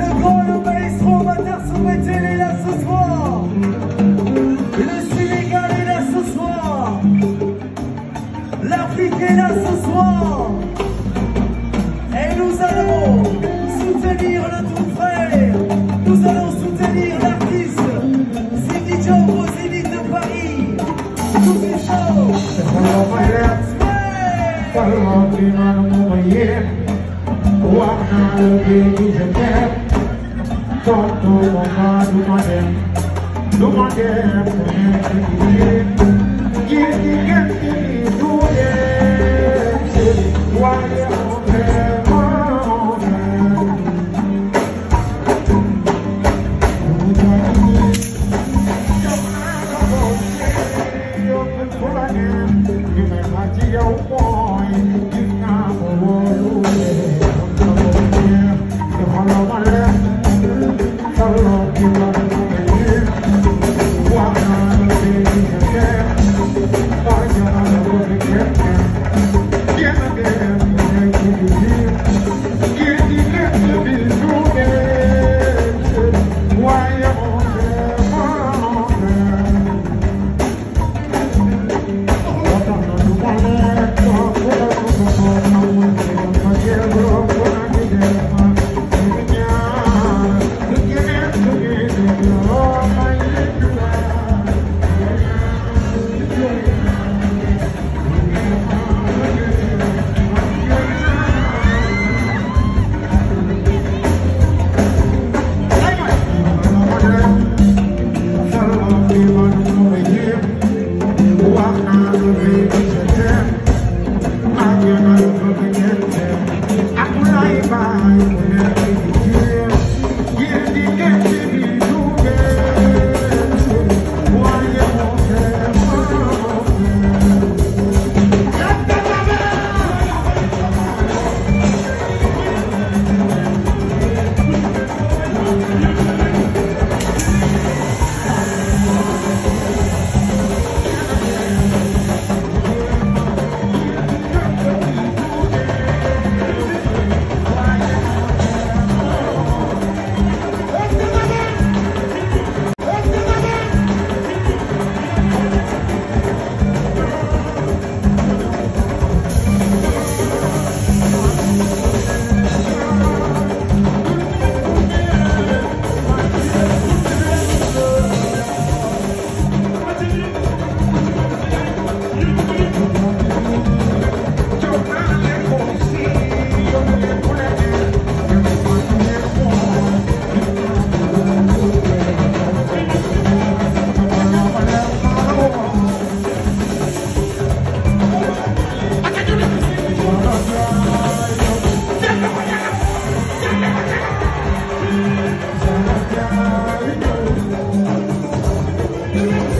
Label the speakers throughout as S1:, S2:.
S1: Le grand maestro va faire son métier, il est là ce soir. Le Sénégal est là ce soir. L'Afrique est là ce soir. Et nous allons soutenir notre frère. Nous allons soutenir l'artiste. Sidi Diop au Zénith de Paris. Tout est chaud. Wax naa la léegi je t'aime tontu ma du ma dem du ma dem yéen ñi ngeen di tuddee waaye Thank you. Thank you.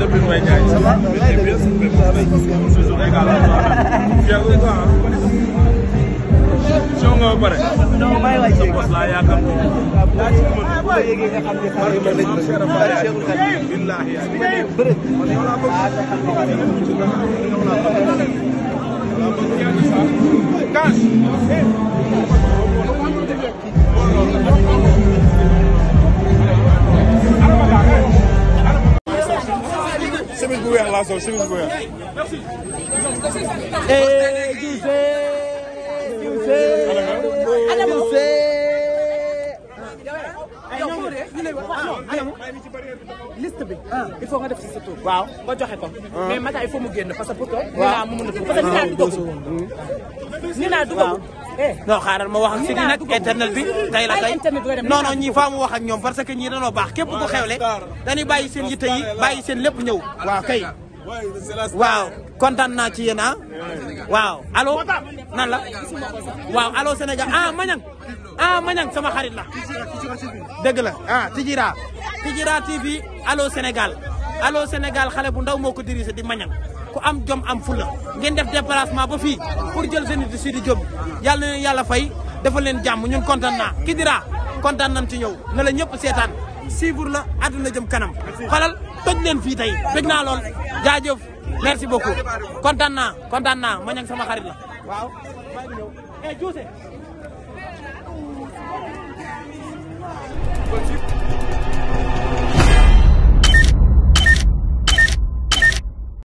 S1: depuis Mbaye Ndiaye ça va mais bien mais bon toujours égal fier de toi
S2: show nga ba pare non may waay sa boss laa yaakaar
S1: laa ci mën ba yéegi nga xam ne sa
S2: yi ma nekk sa bari cheikhul khalil billahi ya
S1: bëre man la ko cash
S2: bu weex laa sol chemise bu weex. Gisee Gisee. dóoree ñu lay wax ah, liste bi. Ah, il faut nga def ci sa tur. waaw nga joxe ah. a parce que xaaral ma wax ak si nag internet bi tey la tey non non ñii faa ñoom parce que ñii danoo baax képp ku xewle dañuy bàyyi yi bàyyi seen lépp ñëw waaw kay. waaw kontaan naa ci yéen ah. waaw allo nan la waaw allo Sénégal ah Mañang. ah Mañang sama xarit la. dëgg la ah Tijira. Tijira TV alo Sénégal alo Sénégal xale bu ndaw moo ko dirigé di Mañang ku am jom am fula ngeen def déplacement ba fi pour jël seen nit si di jom yàlla na yàlla fay dafa leen jàmm ñun kontaan naa Kidira kontaan nañ ci ñëw na la ñëpp seetaan suivre la àdduna jëm kanam xalal toj leen fii tey bëgg naa lool jaajëf merci beaucoup kontaan naa kontaan naa ma sama xarit la waaw eh, Prinzip